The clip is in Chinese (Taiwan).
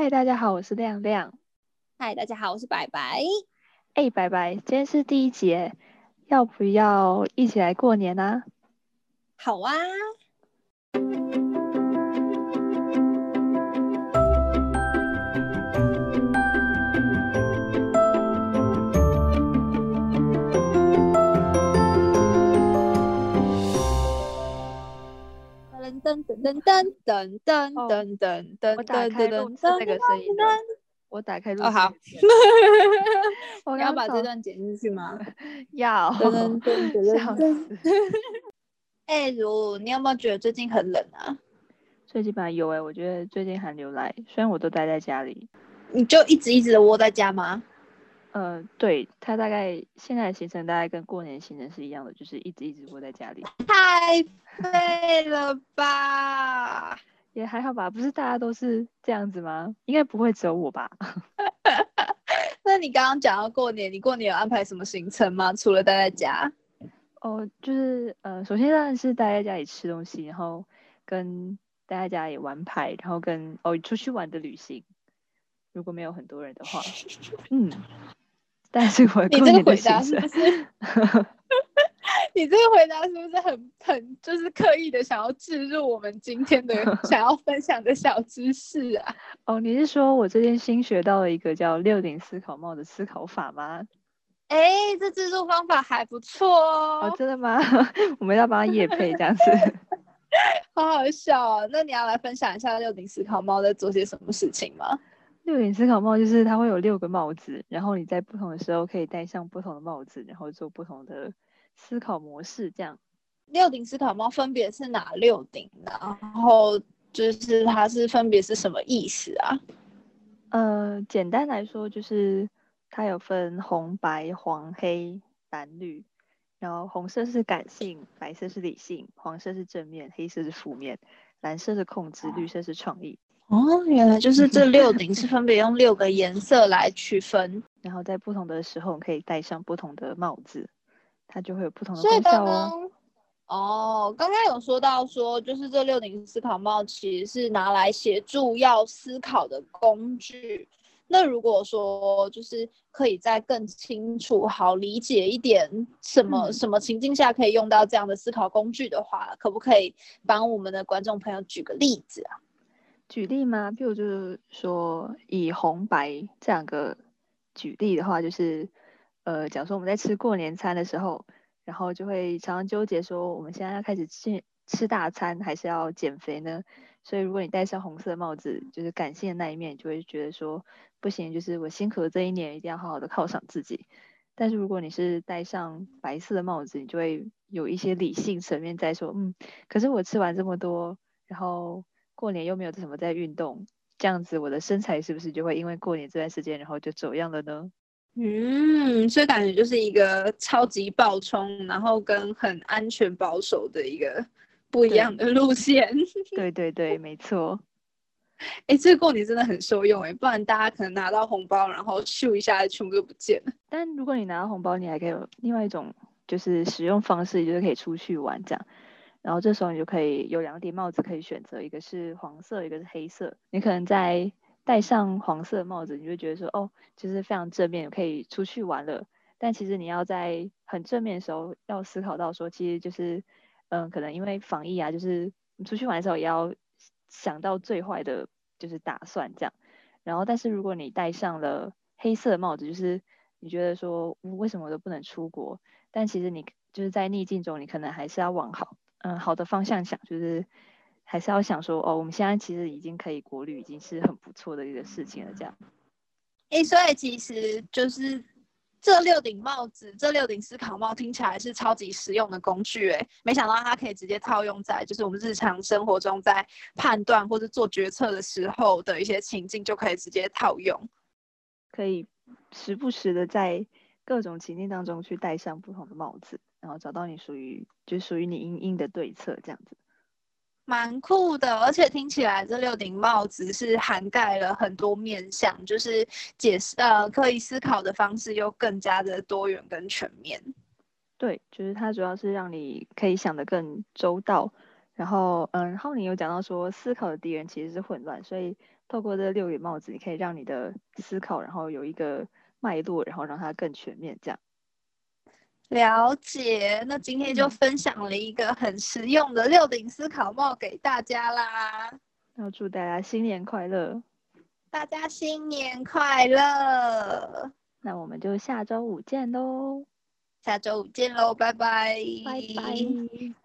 嗨，Hi, 大家好，我是亮亮。嗨，大家好，我是白白。哎，白白，今天是第一集，要不要一起來過年呢、啊？好哇、啊。噔噔噔噔噔噔噔噔噔，那個聲音，我打開錄好。哈哈哈哈哈哈！我要把這段剪進去嗎？要。笑死！哎，如，你有沒有覺得最近很冷啊？最近吧，有哎，我覺得最近寒流來，雖然我都待在家裡。你就一直一直的窩在家嗎？呃，對他大概現在的行程大概跟過年行程是一樣的，就是一直一直窩在家裡。太廢了吧？ 也還好吧，不是大家都是這樣子嗎？應該不會只有我吧？ 那你剛剛講到過年，你過年有安排什麼行程嗎？除了待在家？啊、哦，就是呃，首先當然是待在家裡吃東西，然後跟待在家裡玩牌，然後跟哦出去玩的旅行，如果沒有很多人的話， 嗯。但是我你，你這個回答，是不是？ 你這個回答是不是很很就是刻意的想要置入我們今天的 想要分享的小知識啊？哦，你是說我最近新學到了一個叫六頂思考帽的思考法嗎？哎、欸，這置入方法還不錯哦，哦。真的嗎？ 我們要幫他業配這樣子， 好好笑哦。那你要來分享一下六頂思考帽在做些什麼事情嗎？六頂思考帽就是它會有六個帽子，然後你在不同的時候可以戴上不同的帽子，然後做不同的思考模式。這樣，六頂思考帽分別是哪六頂？然後就是它是分別是什麼意思啊？呃，簡單來說就是它有分紅、白、黃、黑、藍、綠。然後紅色是感性，白色是理性，黃色是正面，黑色是負面，藍色是控制，綠色是創意。哦，原來就是這六頂是分別用六個顏色來區分， 然後在不同的時候可以戴上不同的帽子，它就會有不同的效果，哦。所以剛剛，哦，剛剛有說到說，就是這六頂思考帽其實是拿來協助要思考的工具。那如果說就是可以再更清楚、好理解一點，什麼、嗯、什麼情境下可以用到這樣的思考工具的話，可不可以幫我們的觀眾朋友舉個例子啊？舉例嗎？比如就是說，以紅白這兩個舉例的話，就是呃，假如說我們在吃過年餐的時候，然後就會常常糾結說，我們現在要開始吃吃大餐還是要減肥呢？所以如果你戴上紅色帽子，就是感性的那一面，就會覺得說不行，就是我辛苦了這一年，一定要好好的犒賞自己。但是如果你是戴上白色的帽子，你就會有一些理性層面在說，嗯，可是我吃完這麼多，然後。過年又沒有什麼在運動，這樣子我的身材是不是就會因為過年這段時間，然後就走樣了呢？嗯，所以感覺就是一個超級暴衝，然後跟很安全保守的一個不一樣的路線。對， 對對對，沒錯。欸，這個過年真的很受用欸，不然大家可能拿到紅包然後咻一下，全部都不見了。但如果你拿到紅包，你還可以有另外一種就是使用方式，就是可以出去玩這樣。然後這時候你就可以有兩頂帽子可以選擇，一個是黃色，一個是黑色。你可能在戴上黃色帽子，你就覺得說，哦，就是非常正面，可以出去玩了。但其實你要在很正面的時候，要思考到說，其實就是，嗯，可能因為防疫啊，就是你出去玩的時候也要想到最壞的，就是打算這樣。然後，但是如果你戴上了黑色帽子，就是你覺得說，為什麼我都不能出國？但其實你就是在逆境中，你可能還是要往好。嗯，好的方向想，就是還是要想說，哦，我們現在其實已經可以國旅，已經是很不錯的一個事情了。這樣，哎、欸，所以其實就是這六頂帽子，這六頂思考帽聽起來是超級實用的工具、欸。哎，沒想到它可以直接套用在就是我們日常生活中在判斷或者做決策的時候的一些情境，就可以直接套用，可以時不時的在各種情境當中去戴上不同的帽子。然後找到你屬於，就屬於你因應的對策，這樣子，蠻酷的。而且聽起來這六頂帽子是涵蓋了很多面向，就是解釋，呃可以思考的方式又更加的多元跟全面。對，就是它主要是讓你可以想得更周到。然後，嗯，然後你有講到說，思考的敵人其實是混亂，所以透過這六頂帽子，你可以讓你的思考，然後有一個脈絡，然後讓它更全面這樣。了解，那今天就分享了一個很實用的六頂思考帽給大家啦。那祝大家新年快樂！大家新年快樂！那我們就下周五見嘍！下周五見嘍，拜拜！拜拜。